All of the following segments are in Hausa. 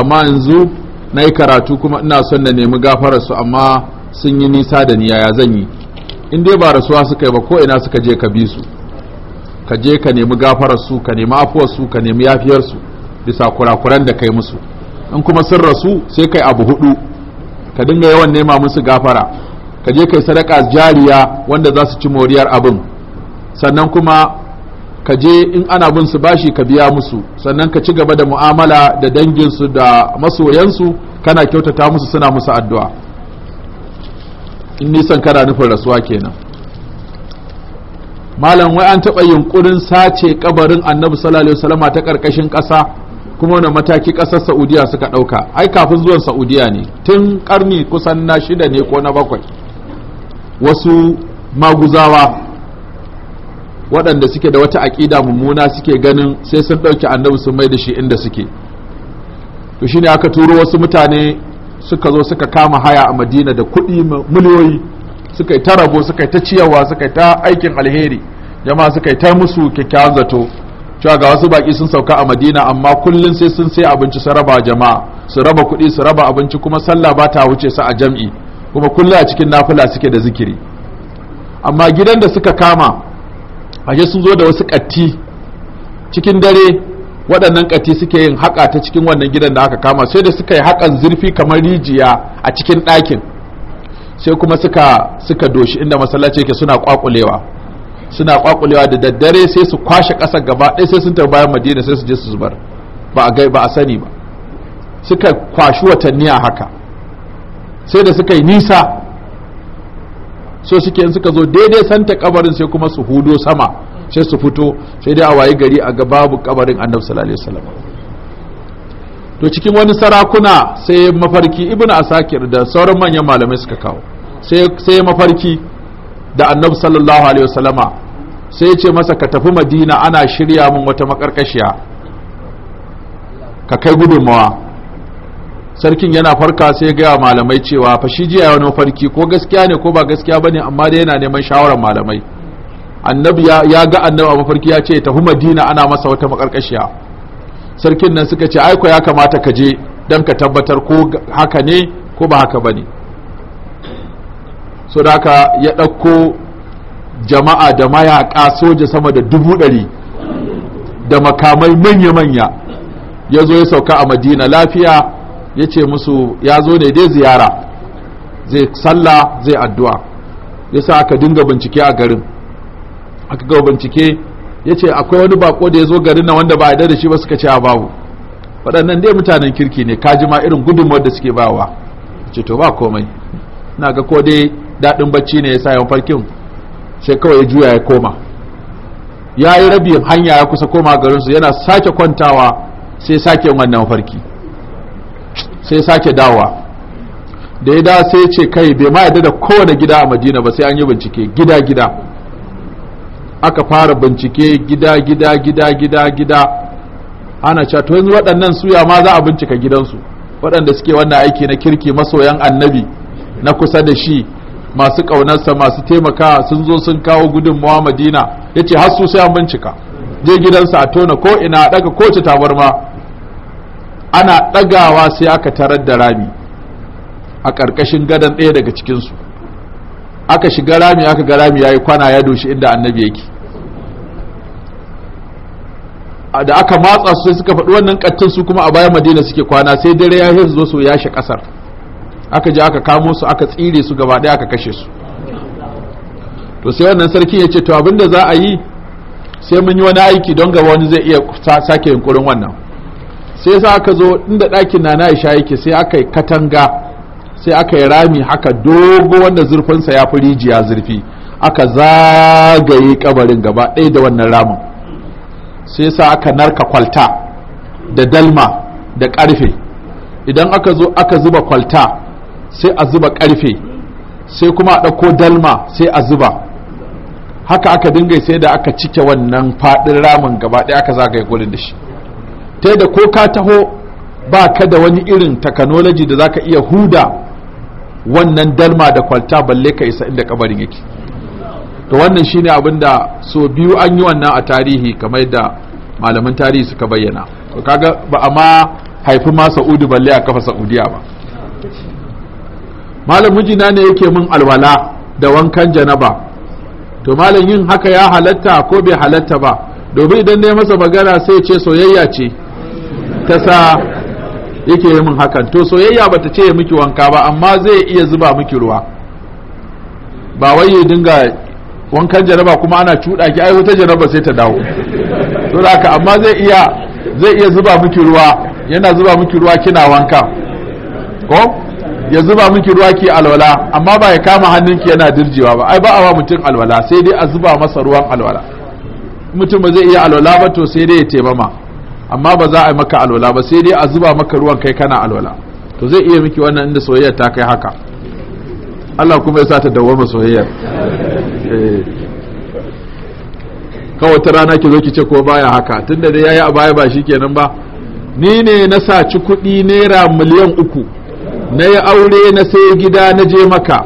amma yanzu na yi karatu kuma ina son na nemi gafararsu amma sun yi nisa da ni yaya zan yi in dai ba rasuwa suka yi ba ko ina suka je ka bi su ka je ka nemi gafararsu ka nemi afuwarsu ka nemi yafiyarsu bisa kurakuran da kai musu in kuma sun rasu sai kai abu hudu ka dinga yawan nema musu gafara ka je kai sadaka jariya wanda za su ci moriyar abin sannan kuma ka je in ana bin su bashi ka biya musu sannan ka ci gaba da mu'amala da danginsu da masoyansu kana kyautata musu suna musu addu'a in nisan kana nufin rasuwa kenan malam wai an taɓa yunkurin sace kabarin annabi sallallahu alaihi wasallama ta ƙarƙashin ƙasa kuma wani mataki ƙasar saudiya suka ɗauka ai kafin zuwan saudiya ne tun ƙarni kusan na shida ne ko na bakwai wasu maguzawa waɗanda suke da wata aƙida mummuna suke ganin sai sun ɗauki annabi sun mai da shi inda suke to shine aka turo wasu mutane suka zo suka kama haya a madina da kuɗi miliyoyi suka yi ta rabo suka yi ta ciyarwa suka yi ta aikin alheri jama'a suka yi ta musu kyakkyawan zato cewa ga wasu baki sun sauka a madina amma kullum sai sun sai abinci su raba jama'a su raba kuɗi su raba abinci kuma sallah ba ta wuce su a jam'i kuma kullum a cikin nafula suke da zikiri amma gidan da suka kama aje sun zo da wasu katti cikin dare waɗannan katti suke yin haƙa ta cikin wannan gidan da aka kama sai da suka yi haƙan zurfi kamar rijiya a cikin ɗakin sai kuma suka suka doshi inda masallaci yake suna kwakulewa suna kwakulewa da daddare sai su kwashe ƙasa gaba ɗaya sai sun tafi bayan madina sai su je su zubar ba a gai ba a sani ba suka kwashi watanni a haka sai da suka yi nisa so suke in suka zo daidai santa kabarin sai kuma su hudo sama sai su fito sai dai a wayi gari a ga babu kabarin annabi sallallahu alaihi wasallam to cikin wani sarakuna sai mafarki ibn asakir da sauran manyan malamai suka kawo sai mafarki da annabi sallallahu alaihi wasallama sai ya ce masa ka tafi madina ana shirya mun wata makarkashiya ka kai gudunmawa sarkin yana farka sai ga malamai cewa fa shi jiya wani farki ko gaskiya ne ko ba gaskiya bane amma dai yana neman shawaran malamai annabi ya ga annabi a mafarki ya ce tafi madina ana masa wata makarkashiya sarkin nan suka ce aiko ya kamata ka je don ka tabbatar ko haka ne ko ba haka bane so da ya ɗauko jama'a da mayaƙa soja sama da dubu ɗari da makamai manya-manya ya zo ya sauka a madina lafiya ya ce musu ya zo ne dai ziyara zai sallah zai addu'a ya sa aka dinga bincike a garin aka ga bincike ya ce akwai wani bako da ya zo garin na wanda ba a da shi ba suka ce a babu waɗannan dai mutanen kirki ne kaji ma irin gudunmawar da suke bawa ce to ba komai na ga ko dai daɗin bacci ne ya sa yawan farkin sai kawai ya juya ya koma ya yi rabin hanya ya kusa koma garinsu yana sake kwantawa sai sake wannan farki sai sake dawa da ya da sai ce kai bai ma yadda da kowane gida a madina ba sai an yi bincike gida gida aka fara bincike gida gida gida gida gida ana cewa to yanzu waɗannan suya ma za a bincika gidansu waɗanda suke wannan aiki na kirki masoyan annabi na kusa da shi masu ƙaunarsa masu taimaka sun zo sun kawo gudunmawa madina ya ce har sai an bincika je gidansa a tona ko ina a ɗaga kowace tabarma ana ɗagawa sai aka tarar da rami a ƙarƙashin gadon ɗaya daga cikinsu aka shiga rami aka ga rami ya yi kwana ya doshi inda annabi yake da aka matsa su sai suka faɗi wannan ƙattun su kuma a bayan madina suke kwana sai dare ya zo su shi ƙasar aka je aka kamo su aka tsire su gaba ɗaya aka kashe su to sai wannan sarki ya ce to abinda da za a yi sai mun yi wani aiki don gaba wani zai iya sake yunkurin wannan sai sa aka zo inda ɗakin na na isha yake sai aka yi katanga sai aka yi rami haka dogo wanda zurfinsa ya fi rijiya zurfi aka zagaye kabarin gaba ɗaya da wannan ramin sai sa aka narka kwalta da dalma da ƙarfe idan aka zo aka zuba kwalta sai a zuba ƙarfe sai kuma a ɗauko dalma sai a zuba haka aka dinga sai da aka cike wannan faɗin ramin gaba ɗaya aka zagaye gurin da shi ta yadda ko ka taho ba ka da wani irin takanoloji da za ka iya huda wannan dalma da kwalta balle ka isa inda kabarin yake to wannan shine abin da so biyu an yi wannan a tarihi kamar yadda malaman tarihi suka bayyana to kaga ba a ma haifi ma sa'udu balle a kafa sa'udiya ba malam mijina ne yake min alwala da wankan janaba to malam yin haka ya halatta ko bai halatta ba domin idan ne masa magana sai ce soyayya ce ta sa yake yi min hakan to soyayya bata ce miki wanka ba amma zai iya zuba miki ruwa ba wai ya dinga wankan jaraba kuma ana cuɗa ki ai wata jaraba sai ta dawo to haka amma zai iya zai iya zuba miki ruwa yana zuba miki ruwa kina wanka ko ya zuba miki ruwa ki alwala amma ba ya kama hannunki yana dirjewa ba ai ba a wa mutum alwala sai dai a zuba masa ruwan alwala mutum ba zai iya alwala ba to sai dai ya taimama amma ba za a yi maka alwala ba sai dai a zuba maka ruwan kai kana alwala to zai iya miki wannan inda soyayya ta kai haka Allah kuma ya sa ta dawwama soyayyar eh. ka ta rana ki zo ki ce ko baya haka tunda dai yayi a baya ba shi shikenan ba ni ne na saci kuɗi naira miliyan uku na yi aure na sai gida na je maka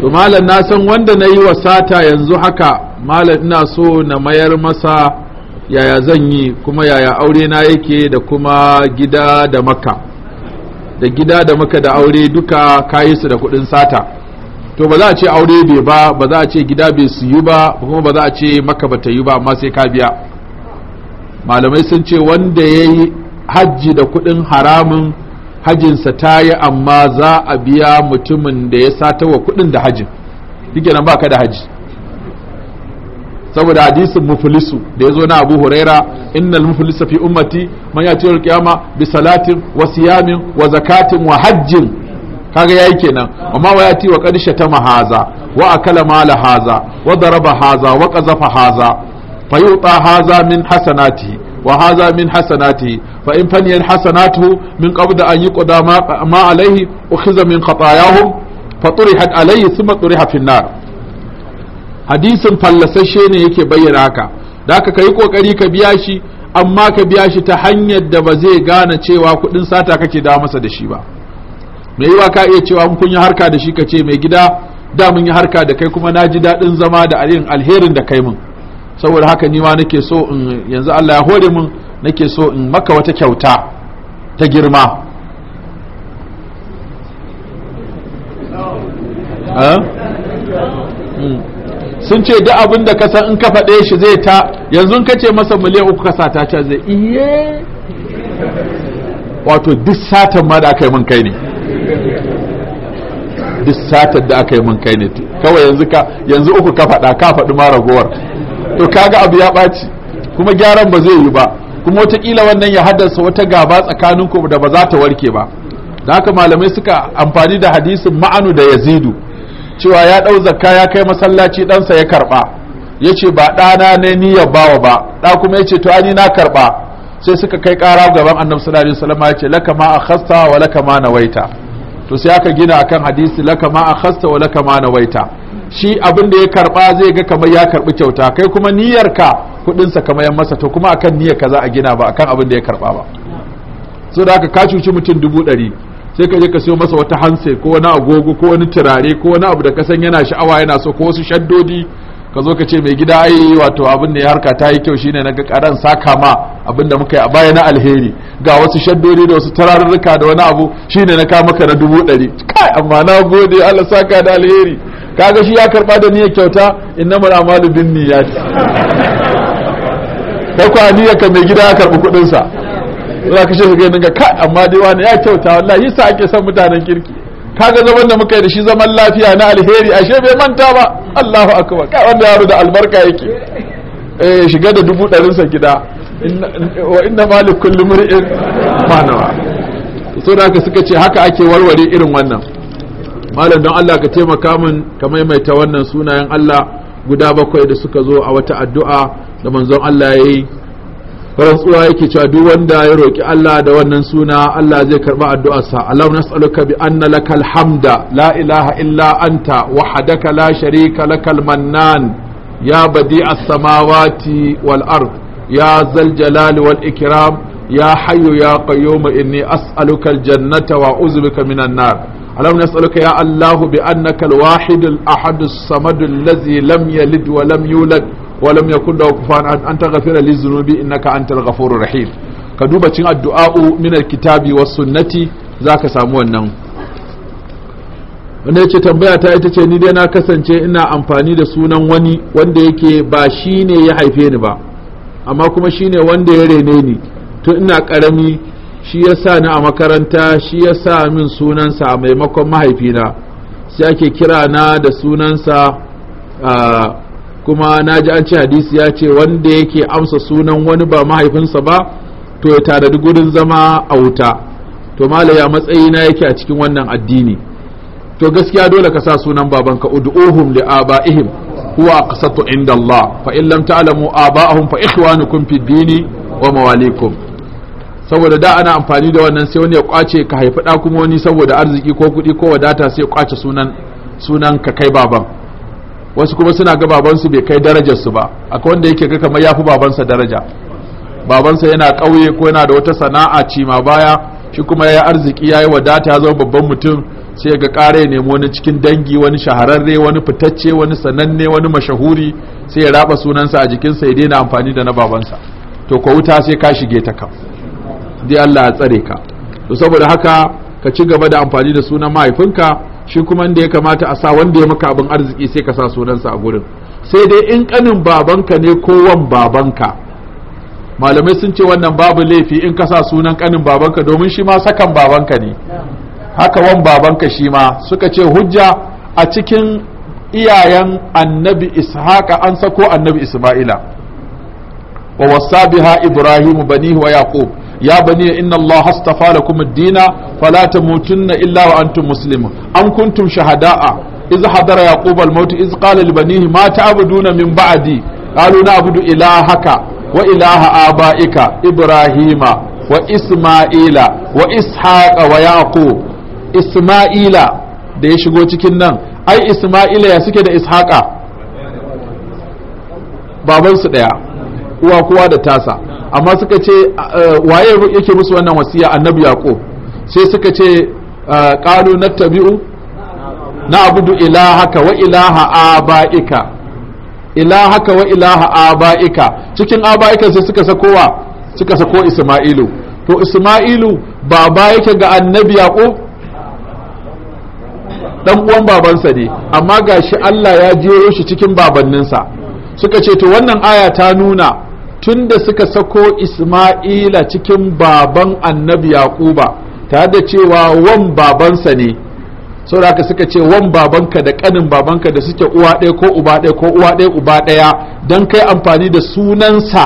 to malam na san wanda na yi wa sata yanzu haka malam ina so na mayar masa yaya zan yi kuma yaya aure na yake da kuma gida da maka da gida da maka da aure duka kayi su da kuɗin sata to ba za a ce aure bai ba ba za a ce gida bai siyu ba kuma ba za a ce maka ba ta yi ba amma sai ka biya malamai sun ce wanda ya yi hajji da kuɗin haramun hajjinsa ta yi amma za a biya mutumin da ya sata wa kuɗin da hajjin duk nan baka da hajji saboda hadisin muflisu da yazo na Abu Huraira innal muflisa fi ummati man yati yawm qiyama bi salatin wa siyamin wa zakatin wa hajjin kaga yayi kenan amma wa yati wa qad shatama haza wa akala mala haza wa daraba haza wa qazafa haza fayuta haza min hasanatihi وهذا من حسناته فإن فنيت حسناته من قبل أن يقضى ما, ما عليه أخذ Fa خطاياهم فطرحت عليه ثم طرح في النار hadisin fallasashe ne yake bayyana haka da ka kai kokari ka biya shi amma ka biya shi ta hanyar da ba zai gane cewa kudin sata kake da masa da shi ba mai yiwa ka iya cewa kun yi harka da shi ka ce mai gida da mun yi harka da kai kuma na ji daɗin zama da alin alherin da kai mun saboda haka ni ma nake so in yanzu Allah ya hore mun nake so in maka wata kyauta ta girma mm. sun ce duk abin da ka san in ka faɗe shi zai ta yanzu ka ce masa miliyan uku ka sa ta zai iye wato duk satan ma da aka yi min kai ne duk satan da aka yi min kai ne kawai yanzu ka yanzu uku ka faɗa ka faɗi ma ragowar to kaga abu ya ɓaci kuma gyaran ba zai yi ba kuma watakila wannan ya haddasa wata gaba tsakanin ku da ba za ta warke ba da haka malamai suka amfani da hadisin ma'anu da yazidu cewa ya ɗau zakka ya kai masallaci ɗansa ya karɓa ya ce ba ɗana ne niyyar bawa ba ɗa kuma ya ce to ani na karɓa sai suka kai ƙara gaban annabi sallallahu alaihi wasallam ya ce laka ma akhasta wa laka ma nawaita to sai aka gina akan hadisi laka ma akhasta wa laka ma nawaita shi abin da ya karɓa zai ga kamar ya karɓi kyauta kai kuma niyyarka kuɗinsa kamar yan masa to kuma akan niyyar ka za a gina ba akan abin da ya karɓa ba so da haka ka cuci mutum dubu ɗari sai ka je ka siyo masa wata hanse ko wani agogo ko wani turare ko wani abu da ka san yana sha'awa yana so ko wasu shaddodi ka zo ka ce mai gida ai wato abin da ya harka ta yi kyau shine ga karan saka ma abin da muka yi a baya na alheri ga wasu shaddodi da wasu tararruka da wani abu shine na kama maka na dubu ɗari kai amma na gode Allah saka da alheri kaga shi ya karba da niyyar kyauta innamal amalu bin niyyati kai niyyar ka mai gida ya karbi kuɗin sa za ka shi ga ka amma dai wani ya kyauta wallahi yasa ake son mutanen kirki kaga zaman da muka yi da shi zaman lafiya na alheri ashe bai manta ba Allahu akbar kai wanda yaro da albarka yake eh shiga da dubu ɗarin sa gida wa inna malik kulli mur'in nawa. so da ka suka ce haka ake warware irin wannan malam don Allah ka taimaka min ka maimaita wannan sunayen Allah guda bakwai da suka zo a wata addu'a da manzon Allah ya yi rantsuwa yake cewa duk wanda ya roki Allah da wannan suna Allah zai karɓi addu'arsa Allah nas'aluka bi anna lakal hamda la ilaha illa anta wahdaka la sharika lakal mannan ya badi'as samawati wal ard ya zal jalali wal ikram ya hayyu ya ma inni as'aluka al jannata wa uzbika minan nar اللهم نسألك يا الله بأنك الواحد الأحد الصمد lam yalid يلد ولم يولد walam yakun da kufan an taghfira li dhunubi innaka antal ghafurur rahim ka duba cin addu'a'u min alkitabi was sunnati zaka samu wannan wanda yace tambaya ta ita ce ni dai na kasance ina amfani da sunan wani wanda yake ba shine ya haife ni ba amma kuma shine wanda ya rene ni tun ina karami shi ya sa ni a makaranta shi ya sa min sunansa a maimakon mahaifina sai ake kira na da sunansa ah, kuma na ji an ce hadisi ya ce wanda yake amsa sunan wani ba mahaifinsa ba to ya da gurin zama a wuta to matsayi na yake a cikin wannan addini to gaskiya dole ka sa sunan babanka ud'uhum li abaihim huwa qasatu inda Allah fa in lam ta'lamu aba'ahum fa ikhwanukum fi dini wa mawalikum saboda da ana amfani da wannan sai wani ya kwace ka haifi da kuma wani saboda arziki ko kuɗi ko wadata sai ya kwace sunan sunan ka kai baban wasu kuma suna ga babansu bai kai darajarsu ba akwai wanda yake ga kamar yafi babansa daraja babansa yana ƙauye ko yana da wata sana'a cima baya shi kuma ya arziki ya yi wadata ya zama babban mutum sai ga ya nemo wani cikin dangi wani shahararre wani fitacce wani sananne wani mashahuri sai ya raba sunansa a jikinsa ya daina amfani da na babansa to ko wuta sai ka shige ta ka dai Allah ya tsare ka to saboda haka ka ci gaba da amfani da sunan mahaifinka shi kuma inda ya kamata a sa wanda ya maka abin arziki sai ka sa sunansa a gurin sai dai in kanin babanka ne ko wan babanka malamai sun ce wannan babu laifi in ka sa sunan kanin babanka domin shi ma sakan babanka ne haka wan babanka shi ma suka ce hujja a cikin iyayen annabi ishaqa an sako annabi isma'ila wa wasa biha Ibrahim banihi wa yaqub ya bani inna Allah astafa lakum ad-dina fala tamutunna illa wa antum muslimun am kuntum shahada'a iz hadara yaqub al-maut iz qala li banihi ma ta'buduna min ba'di qalu na'budu ilahaka wa ilaha aba'ika ibrahima wa isma'ila wa ishaqa wa yaqub isma'ila da ya shigo cikin nan ai isma'ila ya suke da ishaqa babansu ɗaya. uwa kowa da tasa amma suka ce waye yake musu wannan wasiya annabi yaqo sai suka ce qalu nattabi'u na'budu ilahaka wa ilaha abaika ilahaka wa ilaha abaika cikin abaika sai suka sakowa suka sako isma'ilu to isma'ilu baba yake ga annabi yaqo dan uwan babansa ne amma gashi Allah ya jiyo shi cikin babanninsa suka ce to wannan aya ta nuna tun da suka sako Ismaila cikin baban annabi Yaquba tare da cewa wan babansa ne saboda haka suka ce wan babanka da kanin babanka da suke uwa ɗaya ko uba ɗaya ko uwa ɗaya uba ɗaya don kai amfani da sunansa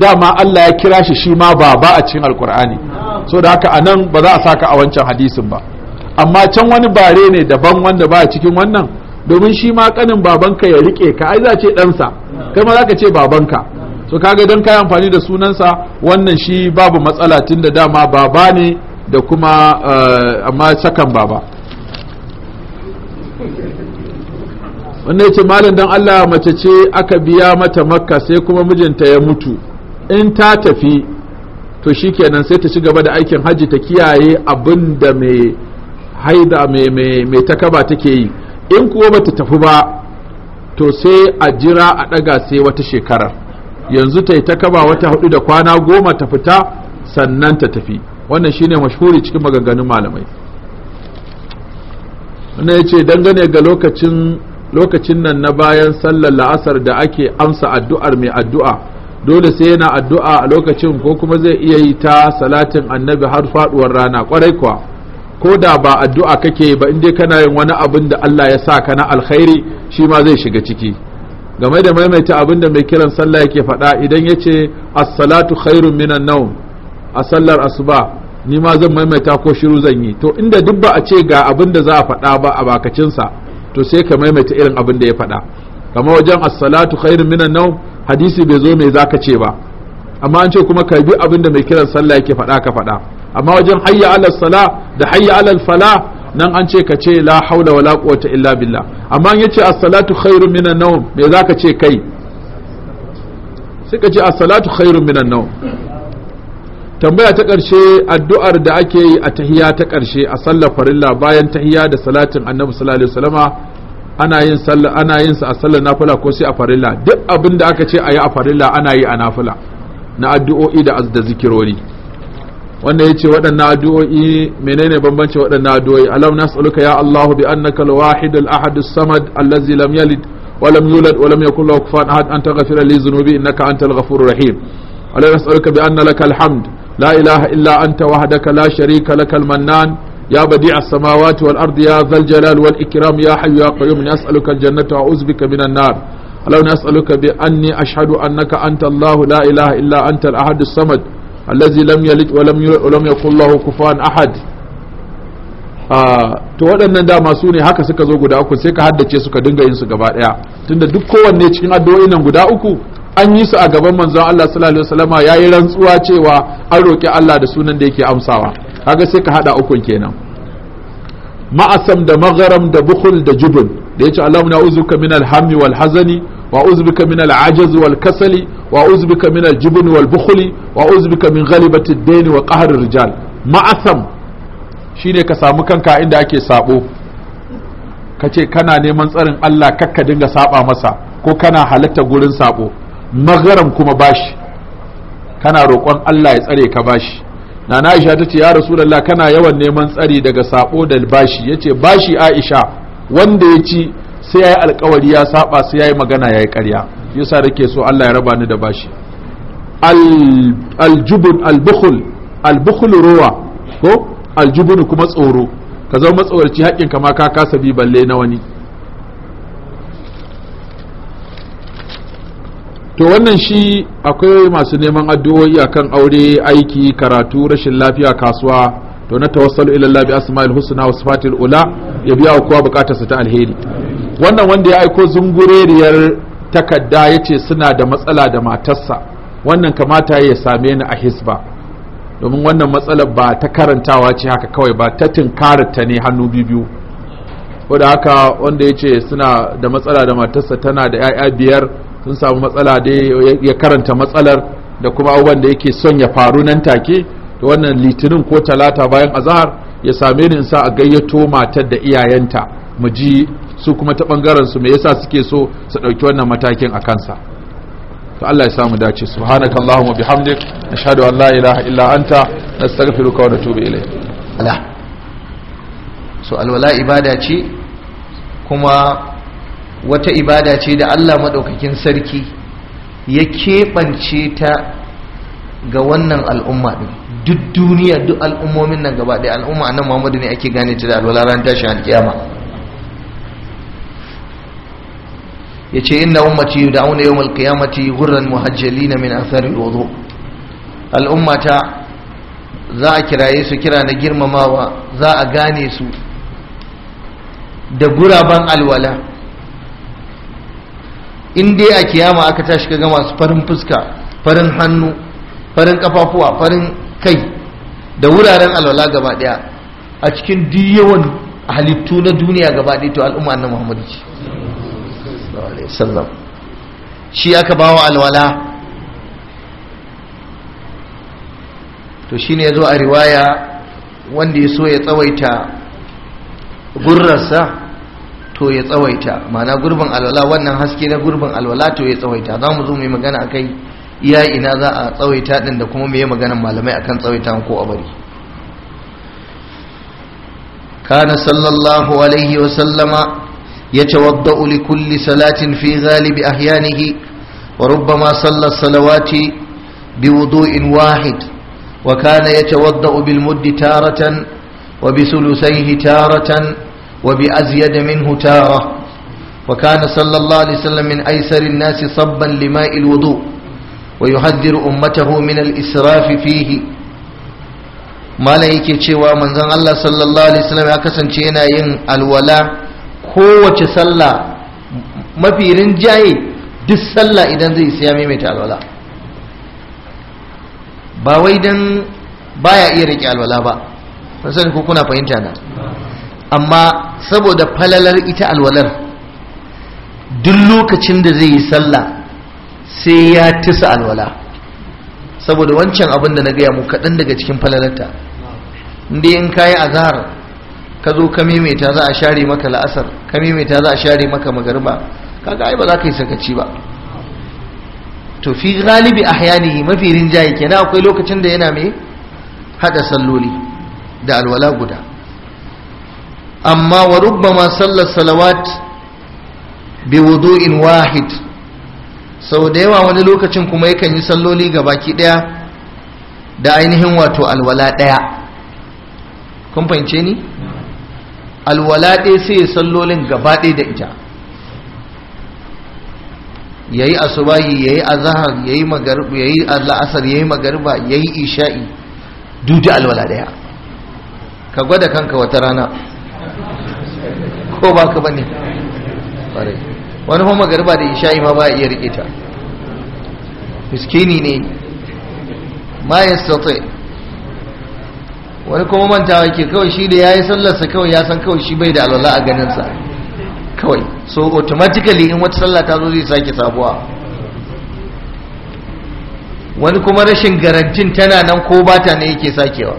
dama Allah ya kira shi shi ma baba a cikin alkur'ani saboda haka a nan ba za a saka a wancan hadisin ba amma can wani bare ne daban wanda ba a cikin wannan domin shi ma kanin babanka ya rike ka ai za ce ɗansa kai ma za ka ce babanka so kaga don kai amfani da sunansa wannan shi babu matsala tun da dama baba ne da kuma eh, amma sakan baba wannan ce malam dan Allah mace ce aka biya mata makka sai kuma mijinta ya mutu in ta tafi to shikenan sai ta ci gaba da aikin hajji ta kiyaye abin da mai haida mai takaba take yi in kuwa bata tafi ba to sai a jira a daga sai wata shekarar yanzu ta yi ta kaba wata hudu da kwana goma ta fita sannan ta tafi wannan shine mashhuri cikin maganganun malamai wanda ya ce dangane ga lokacin nan na bayan sallar la'asar da ake amsa addu'ar mai addu'a dole sai yana addu'a a lokacin ko kuma zai iya yi ta salatin annabi har faduwar rana kwarai kuwa ko da ba addu'a kake ba in dai kana yin wani abin da Allah ya sa ka na alkhairi shi ma zai shiga ciki game da maimaita abin da mai kiran sallah yake faɗa idan ya ce assalatu salatu khairun minan naum a sallar asuba ni ma zan maimaita ko shiru zan yi to inda duk ba a ce ga abin da za a faɗa ba a bakacinsa to sai ka maimaita irin abin da ya faɗa kamar wajen assalatu salatu khairun minan naum hadisi bai zo mai zaka ce ba amma an ce kuma ka bi abin da mai kiran sallah yake faɗa ka faɗa amma wajen hayya alal sala da hayya alal fala nan an ce ka ce la haula wala quwwata illa billah amma an yace as-salatu khairu minan nawm me zaka ce kai sai ka ce as-salatu khairu minan nawm tambaya ta karshe addu'ar da ake yi a tahiyya ta ƙarshe a sallar farilla bayan tahiyya da salatin annabi sallallahu alaihi wasallama ana yin sallah ana yin sa a sallar nafila ko sai a farilla duk abin da aka ce a yi a farilla ana yi a nafila na addu'o'i da da zikirori wanda ya ce waɗannan addu’o’i menene bambancin waɗannan addu’o’i alam nas'aluka ya Allahu bi annaka al-wahid al-ahad as-samad allazi lam yalid wa lam yulad wa lam yakul lahu kufuwan ahad an taghfir li dhunubi innaka antal ghafurur rahim alam nas'aluka bi anna lakal hamd la ilaha illa anta wahdaka la sharika lakal mannan ya badi as-samawati wal ardi ya dhal jalal wal ikram ya hayyu ya qayyum nas'aluka al-jannata wa uzbika minan nar alam nas'aluka bi anni ashhadu annaka anta Allahu la ilaha illa anta al-ahad samad allazi lam yalid wa lam yakul lahu kufuwan ahad to waɗannan dama su ne haka suka zo guda uku sai ka haddace suka dinga yin su gaba ɗaya tunda duk kowanne cikin addu'o'in nan guda uku an yi su a gaban manzon Allah sallallahu alaihi wasallama yayi rantsuwa cewa an roki Allah da sunan da yake amsawa kaga sai ka hada ukun kenan ma'asam da magaram da bukhul da jubun da yace Allahumma na'uzuka min al-hammi wal hazani wa uzbika min al-ajaz wal kasali wa uzbika min al-jubn wal bukhli wa uzbika min ghalibati ad-dayn wa qahr rijal ma'asam shine ka samu kanka inda ake sabo kace kana neman tsarin Allah kakka dinga saba masa ko kana halatta gurin sabo magaram kuma bashi kana roƙon Allah ya tsare ka bashi nana Aisha tace ya Rasulullah kana yawan neman tsari daga sabo da bashi yace bashi Aisha wanda ya ci sai yi alkawari ya saba sai yi magana ya yayi ƙarya yasa ke so Allah ya raba ni da bashi aljubun albukhul albukhul ruwa ko aljubun kuma tsoro ka zama matsoraci haƙƙin kama ka kasa bi balle na wani to wannan shi akwai masu neman addu'o'i akan aure aiki karatu rashin lafiya kasuwa to na tawassalu ila Allah bi asma'il husna wa sifatil ula ya biya kowa bukatarsa ta alheri wannan wanda ya aiko zungureriyar takarda ya ce suna da matsala da matarsa wannan kamata ya same ni a hisba domin wannan matsala ba ta karantawa ce haka kawai ba ta tunkararta ne hannu biyu da haka wanda ya ce suna da matsala da matarsa tana da 'ya'ya biyar sun samu matsala da ya karanta matsalar da kuma abubuwan da yake son ya faru nan take to wannan litinin ko talata bayan azahar ya same ni in sa a gayyato matar da iyayenta mu ji su kuma ta bangaren su me yasa suke so su dauki wannan matakin a kansa to Allah ya samu dace subhanakallahumma bihamdik ashhadu an la ilaha illa anta nastaghfiruka wa natubu ilayk ala so alwala ibada ce kuma wata ibada ce da Allah madaukakin sarki ya keɓance ta ga wannan al'umma din duk duniya duk al'ummomin nan gaba ɗaya al'umma nan Muhammadu ne ake gane ta da alwala ran tashi kiyama. yace inna ummati yud'auna yawm al-qiyamati ghurran muhajjalina min na al-wudu al'ummata za a kiraye su kira na girmamawa za a gane su da guraban alwala in dai a kiyama aka tashi ga masu farin fuska farin hannu farin kafafuwa farin kai da wuraren alwala gabaɗaya a cikin duk yawan halittu na duniya gaba daya to al'umma na muhammadu ce sallallahu alaihi wasallam shi aka bawa alwala to shine yazo a riwaya wanda ya so ya tsawaita gurrarsa to ya tsawaita ma'ana gurbin alwala wannan haske na gurbin alwala to ya tsawaita za mu zo mu yi magana akai iya ina za a tsawaita din da kuma mu yi malamai akan tsawaita ko a bari kana sallallahu alaihi wa sallama يتوضأ لكل صلاة في غالب أحيانه وربما صلى الصلوات بوضوء واحد وكان يتوضأ بالمد تارة وبثلثيه تارة وبأزيد منه تارة وكان صلى الله عليه وسلم من أيسر الناس صبا لماء الوضوء ويحذر أمته من الإسراف فيه ما لا yake cewa manzon Allah sallallahu alaihi wasallam ya kasance yana yin alwala kowace sallah mafi rinjaye duk sallah idan zai siya maimaita alwala ba wai don baya iya rike alwala ba ban sani ko kuna fahimta na amma saboda falalar ita alwalar duk lokacin da zai yi sallah sai ya tisa alwala saboda wancan abin da na gaya mu kaɗan daga cikin falalarta inda in kayi zahar. ka zo ka maimaita za a share maka la'asar ka maimaita za a share maka magariba kaga ai ba za ka yi sakaci ba to fi galibi a hayani mafi rinjaye kenan akwai lokacin da yana mai hada salloli da alwala guda amma wa rubbama sallar salawat bi wudu'in wahid sau da yawa wani lokacin kuma yakan yi salloli ga baki daya da ainihin wato alwala daya kun fahimce ni alwala ɗaya sai ya sallolin gaba ɗaya da ita yayi asubahi yayi azhar yayi magarib yayi al'asr yayi magariba yayi isha'i duk da alwala daya ka gwada kanka wata rana ko ba ka bane wani kuma magariba da isha'i ma ba iya rike ta miskini ne ma yastati wani kuma mantawa ke kawai shi da ya yi sallarsa kawai ya san kawai shi bai da alwala a ganinsa kawai so automatically in wata sallah ta zo zai sake sabuwa wani kuma rashin garantin tana nan ko bata ne yake sakewa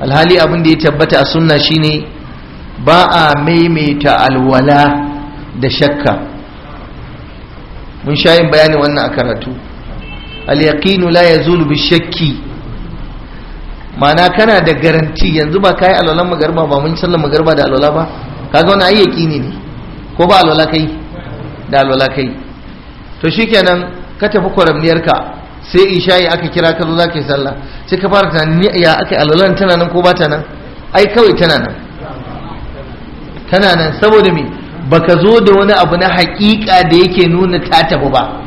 alhali abin da ya tabbata a sunna shi ne ba a maimaita alwala da shakka mun sha yin bayani wannan a karatu al-yaqinu la yazulu bi shakki ma'ana kana da garanti yanzu ba kai alwalan magarba ba mun sallar magarba da alwala ba kaga wani ai yaqini ne ko ba alwala kai da alwala kai to shikenan ka tafi kwaramniyarka sai isha'i aka kira ka zo zaka yi sallah sai ka fara tunanin ya aka alwalan tana nan ko ba ta nan ai kawai tana nan tana nan saboda me baka zo da wani abu na haƙiƙa da yake nuna ta tafi ba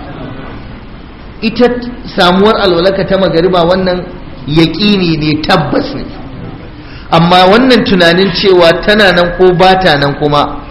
ita samuwar alwalaka ta magariba wannan yaƙini ne tabbas ne amma wannan tunanin cewa tana nan ko ba ta nan kuma